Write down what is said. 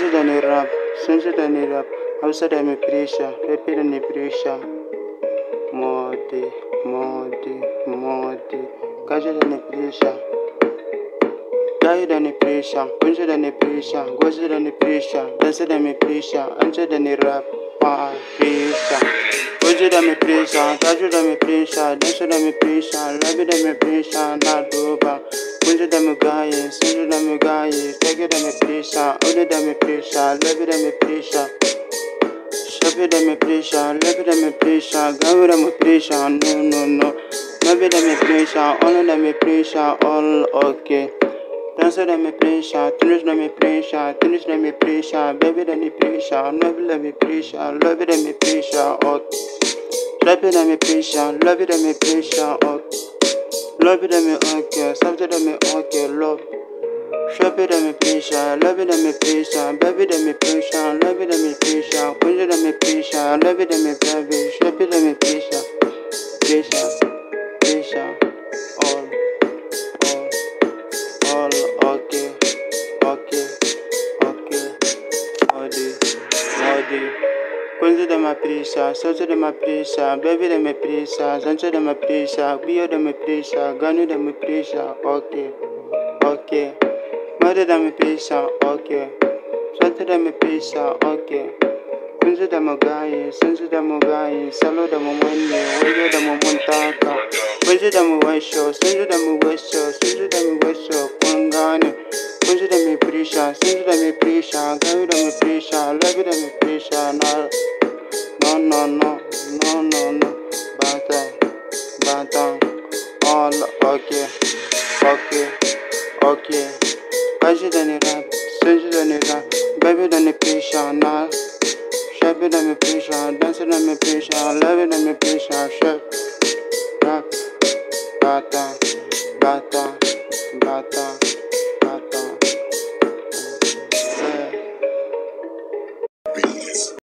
Sunzi da nira Sunzi da nira Hausa da mai pressure day da mai pressure Modi Modi Modi Kaji da mai pressure Tayi da pressure, kunji da pressure, gozi da pressure, dansi da pressure, anji da rap, ah, pressure. Goji da pressure, taju da pressure, dansi da pressure, labi da pressure, Not doba. Older than my guys, older than my guys, bigger than my pressure, older than my pressure, level than my pressure. Sharper than my pressure, level than my pressure, graver than my pressure, no, no, no. Never than my pressure, honor than my pressure, all okay. Dancer than my pressure, tennis than my pressure, tennis than my pressure, baby than my pressure, never than my pressure, love it than my pressure, okay. Sharper than my pressure, love it than my pressure, okay. Love it and me okay, something that me okay, love. Shop it and me patient, love it and me patient, baby that me patient, love it and me patient, queen that me patient, love it and me baby, shop it and me patient, patient, patient, all, all, all, okay, okay, okay, all day, de de de me Konzidama de sosodama presa, bió de me presa, biodama de me presa, okay, okay. de me presa, okay. de me presa, okay. de de Kunzidama gaye, sanzodama gaye, salodama mwende, wajodama mwantaka. Wajodama washo, sanzodama washo, sanzodama washo, pangane. Push it at me, pretty shy. Sing it at me, pretty shy. Give it at me, pretty shy. Love it at me, pretty shy. No, no, no, no, no, no. Bad time, bad All okay, okay, okay. Push Better than it rap, sweeter than it rap. Baby than me, pretty shy. No. Shape it at me, pretty shy. Dance it at me, pretty shy. Love it at me, pretty shy. Shape, rap, bad time,